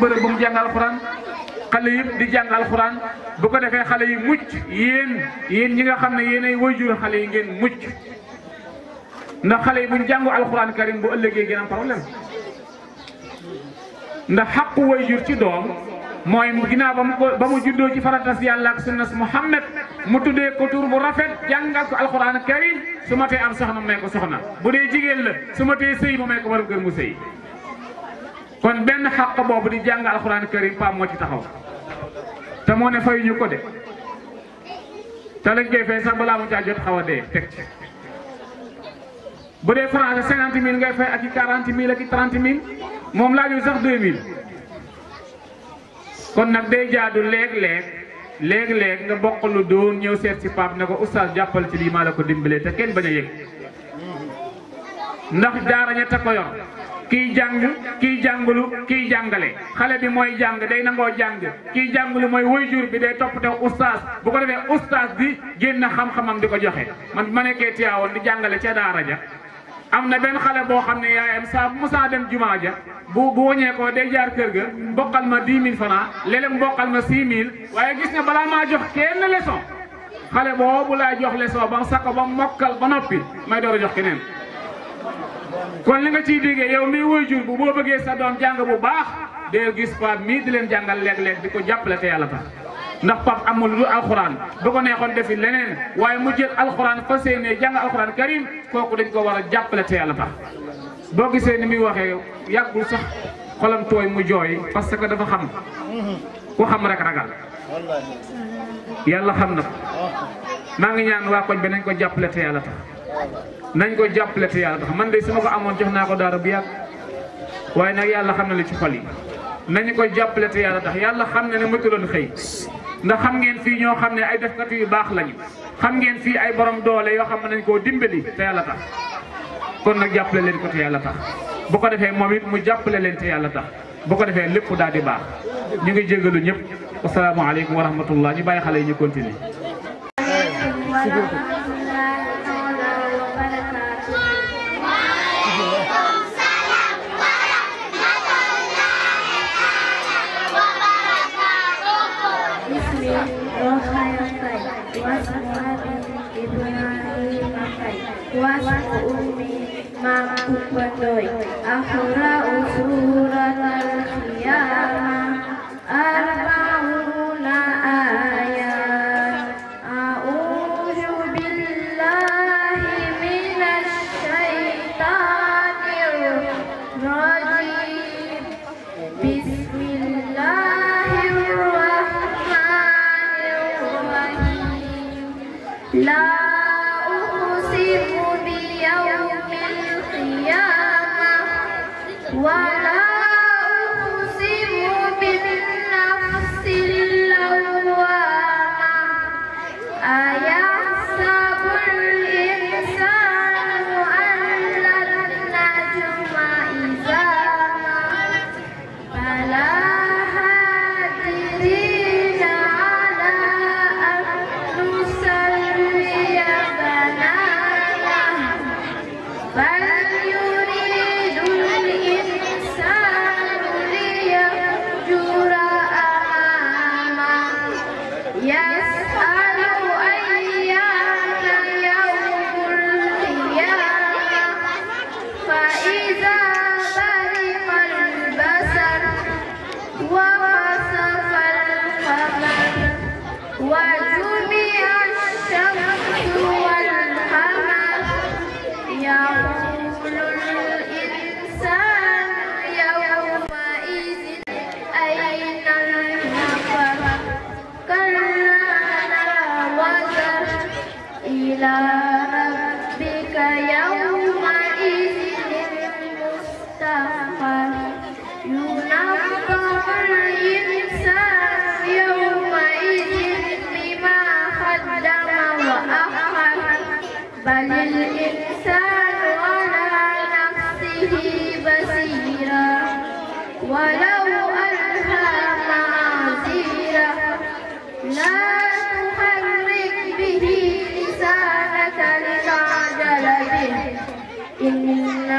bërëb bu mu jàng alxuraan xale yëpp di jàng alxuraan bu ko defee xale yi mucc yéen yéen ñi nga xam ne yéen ay wayjur xale yi ngeen mucc ndax xale yi buñ jàngu alxuraan karim bu ëllëgee ngeen am problème ndax xàqu wayjur ci doom mooy ginaar ba mu ko ba mu juddoo ci faratas yàlla ak sunnas muhammad mu tuddee ko tur bu rafet jàngal ko alxuraan karim su ma tee am soxna mu may ko soxna bu dee jigéen la su ma tee sëy mu may ko borom kër mu sëy kon ben xàq bobu di jang alxuraan karim pam mo ci taxaw te mo ne ñu ko de te lañ koy fay sax balaa mu jajjot xawa de a ci bu de france 50000 ngay fay ak 40000 ak 30000 mom la ñu sax 2000 kon nak day jaadu leg leg leg leg nga bokk lu doon ñew set si pap ne ko oustaz jàppal ci li maa la ko dimbalee te ken baña a ndax jaaraña te ko yor kii jàng kii jàngulu kii jàngale xale bi mooy jàng day nangoo jàng kii jàngulu mooy waajur bi day topp te ustaas bu ko defee ustaas bi génn xam-xamam di ko joxe man ma nekkee Tiwaawoon di jàngale ca daara ja am na benn xale boo xam ne yaayam saa bu musaa dem jumaa ja bu bu wëñee ko day jaar kër ga mboqal ma dix mille francs léeg-léeg mboqal ma six mille waaye gis ne balaa maa jox kenn leçon xale bu laa jox leçon ba sako ba mokkal ba noppi may door a jox keneen kon li nga ciy déggee yow mii wuy bu boo bëggee sa doom jàng bu baax dee gis Pape mii di leen jàngal léeg-léeg di ko jàppale te yàlla tax ndax Pape amul lu alxuraan bu ko neexoon defi leneen waaye mu jël alxuraan fas yéenee jàng alxuraan karim kooku dañ ko war a jàppale te yàlla tax boo gisee ni muy waxee yàggul sax xolam tooy mu jooy parce que dafa xam ku xam rek ragal yàlla xam na maa ngi ñaan waa koñ bi ko jàppale te yàlla tax nañ ko jàppale te yàlla tax man de su ma ko amoon jox naa ko daara bu yàgg waaye nag yàlla xam na li ci xol yi nañu ko jàppale te yàlla tax yàlla xam na ne mëtuloon xëy ndax xam ngeen fii ñoo xam ne ay defkat yu baax lañu xam ngeen fii ay borom doole yoo xam ne nañ koo dimbali te yàlla tax kon nag jàppale leen ko te yàlla tax bu ko defee moom it mu jàppale leen te yàlla tax bu ko defee lépp daal di baax ñu ngi jégalu ñëpp asalaamaaleykum wa rahmatullah ñu bàyyi xale ñu continuer واسع مكبتي أخرى سورة القيامة أربعون آية أعوذ بالله من الشيطان الرجيم بسم الله الرحمن الرحيم لا بل الإنسان على نفسه بصيرا ولو ألهى معاذيرا لا تحرك به لسانك لتعجل به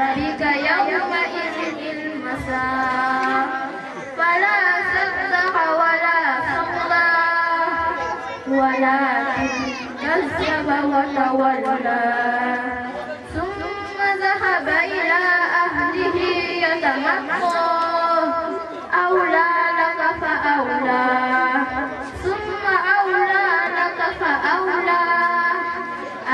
ربك يومئذ المسار فلا صدق ولا صلى ولكن كذب وتولى